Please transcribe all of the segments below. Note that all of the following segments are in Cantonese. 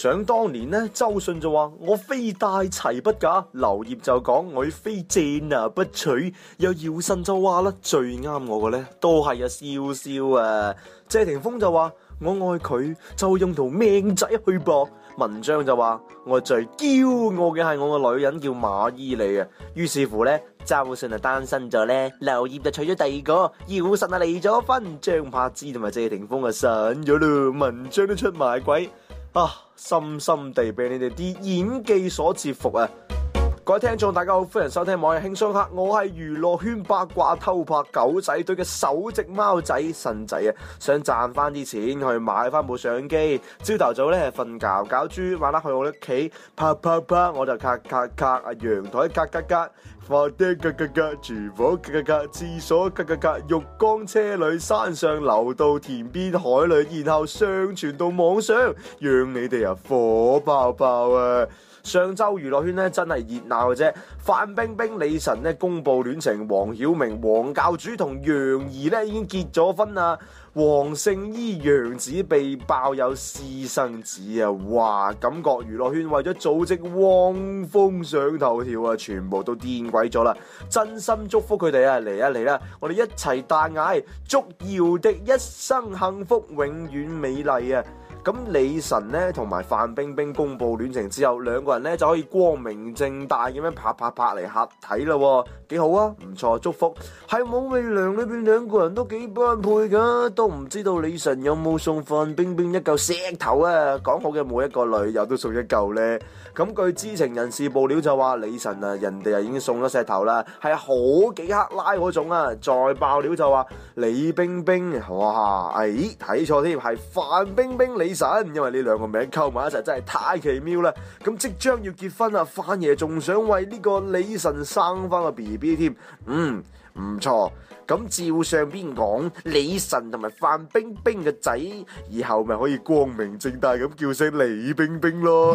想當年呢，周迅就話我非大齊不嫁。劉燁就講我非鄭啊不娶，又姚晨就話啦，最啱我嘅咧都係啊笑笑啊，謝霆鋒就話我愛佢就用條命仔去搏，文章就話我最驕傲嘅係我個女人叫馬伊俐啊，於是乎呢，周迅就單身咗呢。劉燁就娶咗第二個，姚晨啊離咗婚，張柏芝同埋謝霆鋒啊散咗咯，文章都出埋軌。啊！深深地俾你哋啲演技所折服啊！各位聽眾大家好，歡迎收聽《網友輕鬆客》，我係娛樂圈八卦偷拍狗仔隊嘅首席貓仔神仔啊！想賺翻啲錢去買翻部相機，朝頭早咧瞓覺，搞豬馬騮去我屋企，啪啪啪，我就咔咔咔，啊陽台咔咔咔。發啲格格格，廚房格格格，廁所格格格，浴缸車裏山上流到田邊海裏，然後上傳到網上，讓你哋啊火爆爆啊！上周娛樂圈咧真係熱鬧嘅啫，范冰冰、李晨咧公佈戀情，黃曉明、黃教主同楊怡咧已經結咗婚啦，黃聖依、楊子被爆有私生子啊！哇，感覺娛樂圈為咗組織汪峰上頭條啊，全部都癲鬼咗啦！真心祝福佢哋啊，嚟啊嚟啦，啊，我哋一齊大嗌，祝耀的一生幸福永遠美麗啊！咁李晨咧同埋范冰冰公布戀情之後，兩個人咧就可以光明正大咁樣拍拍拍嚟合體咯，哦，幾好啊，唔錯，祝福。係武媚娘裏邊兩個人都幾般配噶，都唔知道李晨有冇送范冰冰一舊石頭啊？講好嘅每一個女友都送一舊咧。咁據知情人士爆料就話李晨啊，人哋啊已經送咗石頭啦，係好幾克拉嗰種啊。再爆料就話李冰冰，哇，誒，睇錯添，係范冰冰李。神，因為呢兩個名溝埋一齊真係太奇妙啦！咁即將要結婚啊，范爺仲想為呢個李晨生翻個 B B 添，嗯，唔錯。咁照上邊講，李晨同埋范冰冰嘅仔以後咪可以光明正大咁叫醒李冰冰咯。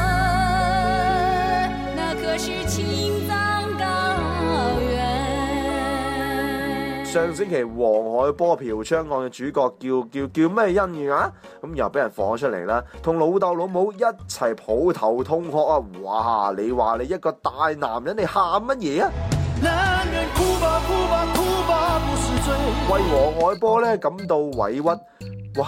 上星期黃海波嫖娼案嘅主角叫叫叫咩姻緣啊？咁又俾人放咗出嚟啦，同老豆老母一齊抱頭痛哭啊！哇，你話你一個大男人，你喊乜嘢啊？男人哭吧哭吧哭吧不是罪，為黃海波咧感到委屈，哇，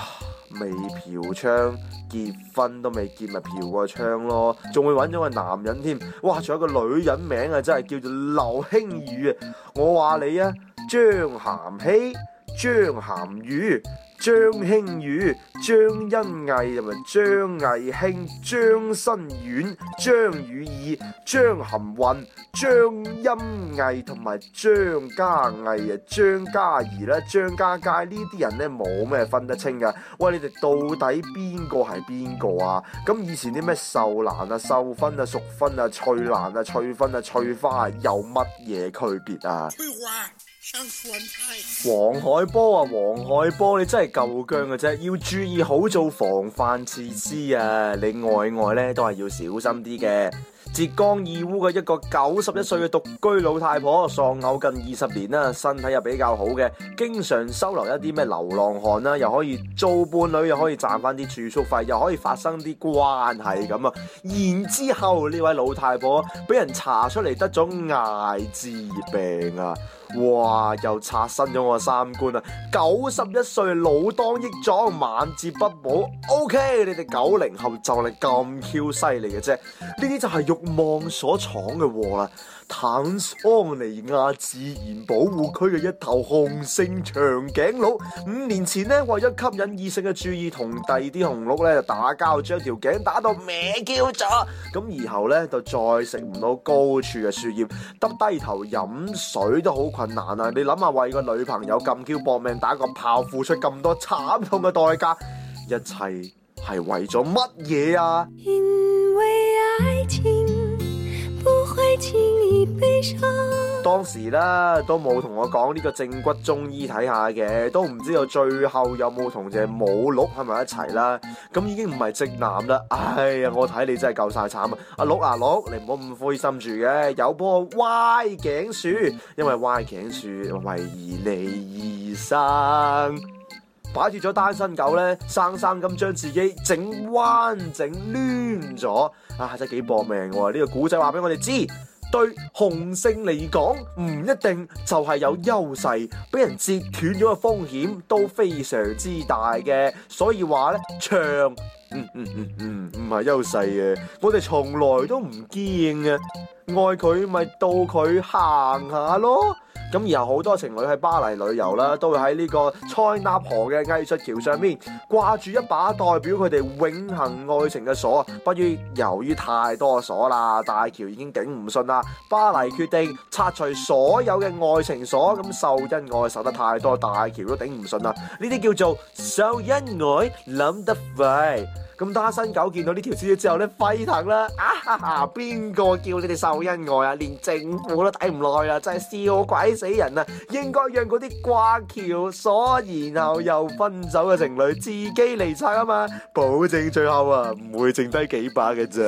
未嫖娼結婚都未結，咪嫖過娼咯，仲會揾咗個男人添，哇，仲有個女人名啊，真係叫做劉興宇啊！我話你啊！張涵希、張涵予、張馨予、張欣藝同埋張藝興、張新遠、張雨綺、張含韻、張欣藝同埋張嘉藝啊、張嘉怡啦、張嘉佳呢啲人咧冇咩分得清噶。喂，你哋到底邊個係邊個啊？咁以前啲咩秀蘭啊、秀芬啊、淑芬啊、翠蘭啊、翠芬啊、翠花啊，有乜嘢區別啊？黃海波啊，黃海波，你真係夠薑嘅啫，要注意好做防範措施啊，你外外咧都係要小心啲嘅。浙江義烏嘅一個九十一歲嘅獨居老太婆，喪偶近二十年啦，身體又比較好嘅，經常收留一啲咩流浪漢啦，又可以租伴侶，又可以賺翻啲住宿費，又可以發生啲關係咁啊。然之後呢位老太婆俾人查出嚟得咗艾滋病啊，哇！又刷新咗我三觀啊。九十一歲老當益壯，晚節不保。OK，你哋九零後就嚟咁 Q 犀利嘅啫，呢啲就係肉。望所闖嘅禍啦，坦桑尼亞自然保護區嘅一頭雄性長頸鹿，五年前呢，爲咗吸引異性嘅注意，同第二啲雄鹿咧就打交，將條頸打到歪鳩咗，咁而後呢，就再食唔到高處嘅樹葉，耷低頭飲水都好困難啊。你諗下，爲個女朋友咁叫搏命打個炮，付出咁多慘痛嘅代價，一切係爲咗乜嘢啊？當時呢，都冇同我講呢個正骨中醫睇下嘅，都唔知道最後有冇同隻母鹿喺埋一齊啦。咁已經唔係直男啦。哎呀，我睇你真係夠晒慘啊！阿鹿啊鹿，你唔好咁灰心住嘅，有棵歪頸樹，因為歪頸樹為而你而生，擺脫咗單身狗呢，生生咁將自己整彎整攣咗啊！真係幾搏命喎！呢個古仔話俾我哋知。對雄性嚟講，唔一定就係有優勢，俾人截斷咗嘅風險都非常之大嘅，所以話呢長，唔係優勢嘅，我哋從來都唔見嘅，愛佢咪到佢行下咯。咁然後好多情侶喺巴黎旅遊啦，都會喺呢個塞納河嘅藝術橋上面掛住一把代表佢哋永恆愛情嘅鎖。不於由於太多鎖啦，大橋已經頂唔順啦。巴黎決定拆除所有嘅愛情鎖，咁秀恩愛受得太多，大橋都頂唔順啦。呢啲叫做秀恩愛諗得肥。咁單身狗見到呢條消息之後呢，沸騰啦！啊哈哈，邊個叫你哋秀恩愛啊？連政府都抵唔耐啦，真係笑鬼！死人啊！應該讓嗰啲掛橋，所然後又分手嘅情侶自己嚟拆啊嘛！保證最後啊，唔會剩低幾把嘅啫。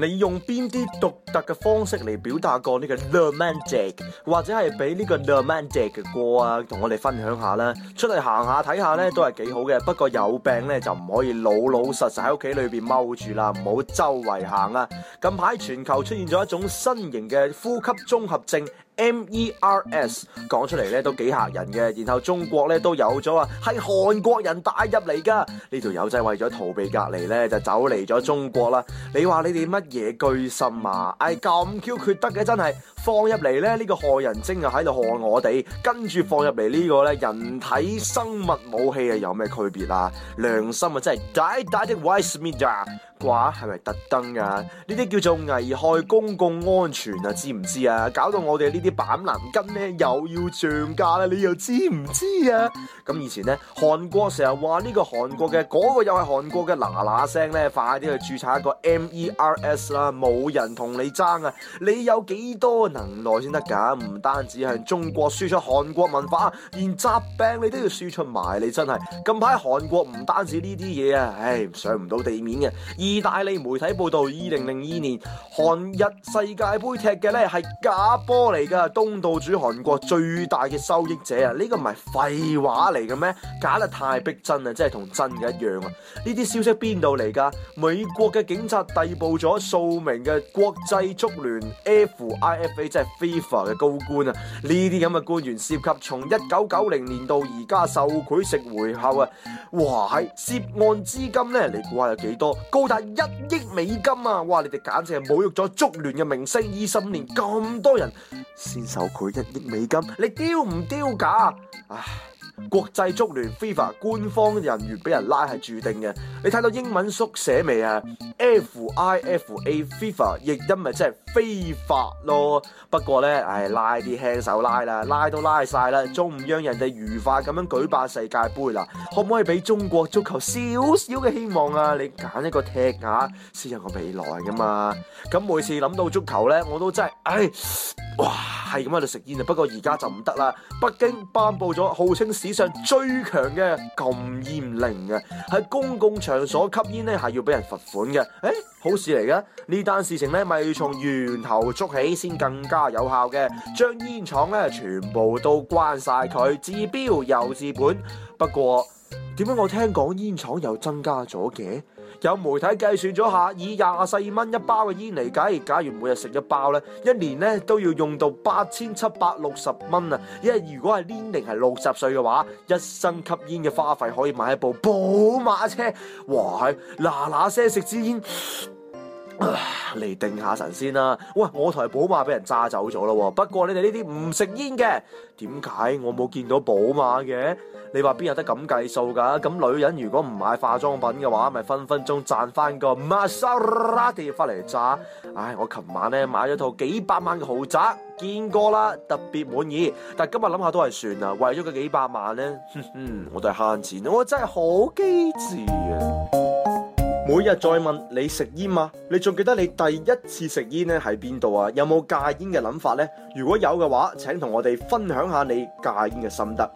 你用邊啲獨特嘅方式嚟表達過呢個 romantic，或者係俾呢個 romantic 嘅歌啊，同我哋分享下啦。出嚟行下睇下咧，都係幾好嘅。不過有病咧就唔可以老老實實喺屋企裏邊踎住啦，唔好周圍行啦、啊。近排全球出現咗一種新型嘅呼吸綜合症。MERS 講、e、出嚟咧都幾吓人嘅，然後中國咧都有咗啊，係韓國人帶入嚟噶。呢條友仔為咗逃避隔離咧，就走嚟咗中國啦。你話你哋乜嘢居心啊？唉、哎，咁 Q 缺德嘅真係，放入嚟咧呢、這個害人精又喺度害我哋，跟住放入嚟呢個咧人體生物武器啊有咩區別啊？良心啊真係大大的 white meat 啊！話係咪特登啊？呢啲叫做危害公共安全啊，知唔知啊？搞到我哋呢啲板藍根呢又要漲價啦，你又知唔知啊？咁、嗯、以前呢，韓國成日話呢個韓國嘅，嗰、嗰個又係韓國嘅，嗱嗱聲呢，快啲去註冊一個 MERS 啦，冇人同你爭啊！你有幾多能耐先得噶？唔單止係中國輸出韓國文化，連疾病你都要輸出埋，你真係近排韓國唔單止呢啲嘢啊！唉，上唔到地面嘅。意大利媒體報道，二零零二年韓日世界杯踢嘅咧係假波嚟噶，東道主韓國最大嘅收益者啊！呢個唔係廢話嚟嘅咩？假得太逼真啦，真係同真嘅一樣啊！呢啲消息邊度嚟噶？美國嘅警察逮捕咗數名嘅國際足聯 FIFA 即係 FIFA 嘅高官啊！呢啲咁嘅官員涉及從一九九零年到而家受賄食回扣啊！哇，係涉案資金呢？你估下有幾多？高啊、一億美金啊！哇，你哋簡直係侮辱咗足聯嘅明星 二十年咁多人先受佢一億美金，你丟唔丟架？唉。國際足聯 FIFA 官方人員俾人拉係注定嘅，你睇到英文縮寫未啊？FIFA，FIFA 譯音咪真係非法咯。不過呢，唉、哎，拉啲輕手拉啦，拉都拉晒啦，仲唔讓人哋愉快咁樣舉辦世界杯啦？可唔可以俾中國足球少少嘅希望啊？你揀一個踢一下，先有個未來噶嘛。咁每次諗到足球呢，我都真係，唉、哎，哇！係咁喺度食煙啊，不過而家就唔得啦。北京頒布咗號稱史上最強嘅禁煙令啊，喺公共場所吸煙咧係要俾人罰款嘅。誒、欸，好事嚟嘅。呢單事情咧，咪要從源頭捉起先更加有效嘅。將煙廠咧全部都關晒佢，治標又治本。不過點解我聽講煙廠又增加咗嘅？有媒體計算咗下，以廿四蚊一包嘅煙嚟計，假如每日食一包咧，一年咧都要用到八千七百六十蚊啊！因為如果係年 e n 係六十歲嘅話，一生吸煙嘅花費可以買一部寶馬車。哇嗱嗱聲食支煙。嚟定下神先啦、啊！哇，我台寶馬俾人揸走咗啦、啊！不過你哋呢啲唔食煙嘅，點解我冇見到寶馬嘅？你話邊有得咁計數噶？咁、嗯、女人如果唔買化妝品嘅話，咪分分鐘賺翻個瑪莎拉蒂翻嚟揸。唉，我琴晚咧買咗套幾百萬嘅豪宅，見過啦，特別滿意。但今日諗下都係算啦，為咗個幾百萬咧，哼哼，我都係慳錢，我真係好機智啊！每日再問你食煙嗎？你仲記得你第一次食煙咧喺邊度啊？有冇戒煙嘅諗法呢？如果有嘅話，請同我哋分享下你戒煙嘅心得。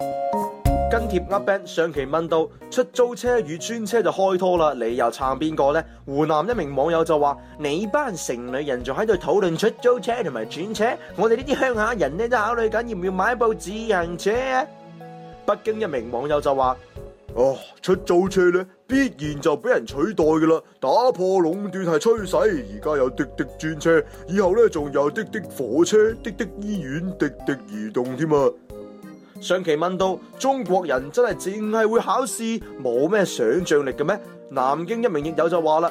跟帖 up 主上期問到出租車與專車就開拖啦，你又撐邊個呢？湖南一名網友就話：你班城裏人仲喺度討論出租車同埋專車，我哋呢啲鄉下人呢，都考慮緊要唔要買部自行車。北京一名網友就話：哦，出租車呢。必然就俾人取代嘅啦！打破壟斷係趨勢，而家有滴滴專車，以後咧仲有滴滴火車、滴滴醫院、滴滴移動添啊。上期問到中國人真係淨係會考試，冇咩想象力嘅咩？南京一名網友就話啦。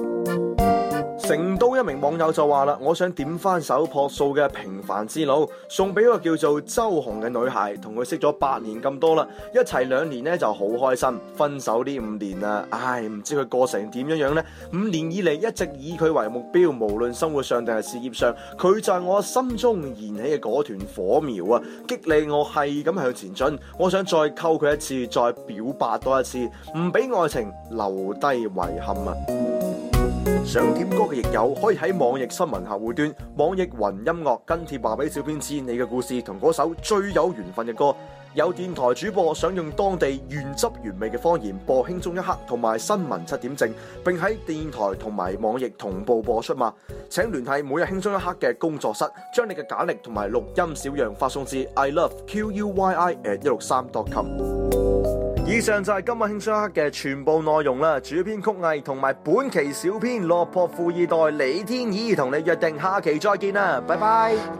成都一名網友就話啦：我想點翻首朴樹嘅平凡之路，送俾嗰個叫做周紅嘅女孩，同佢識咗八年咁多啦，一齊兩年呢就好開心，分手呢五年啦，唉，唔知佢過成點樣樣呢。五年以嚟一直以佢為目標，無論生活上定係事業上，佢在我心中燃起嘅嗰團火苗啊！激勵我係咁向前進，我想再溝佢一次，再表白多一次，唔俾愛情留低遺憾啊！想點歌嘅易友，可以喺網易新聞客戶端、網易雲音樂跟帖話俾小編知你嘅故事同嗰首最有緣分嘅歌。有電台主播想用當地原汁原味嘅方言播《輕鬆一刻》同埋《新聞七點正》，並喺電台同埋網易同步播出嘛？請聯繫每日《輕鬆一刻》嘅工作室，將你嘅簡歷同埋錄音小樣發送至 i love q u y i at 一六三 .com。以上就係今日《慶商黑》嘅全部內容啦，主編曲藝同埋本期小編《落魄富二代李天依》同你約定下期再見啦，拜拜。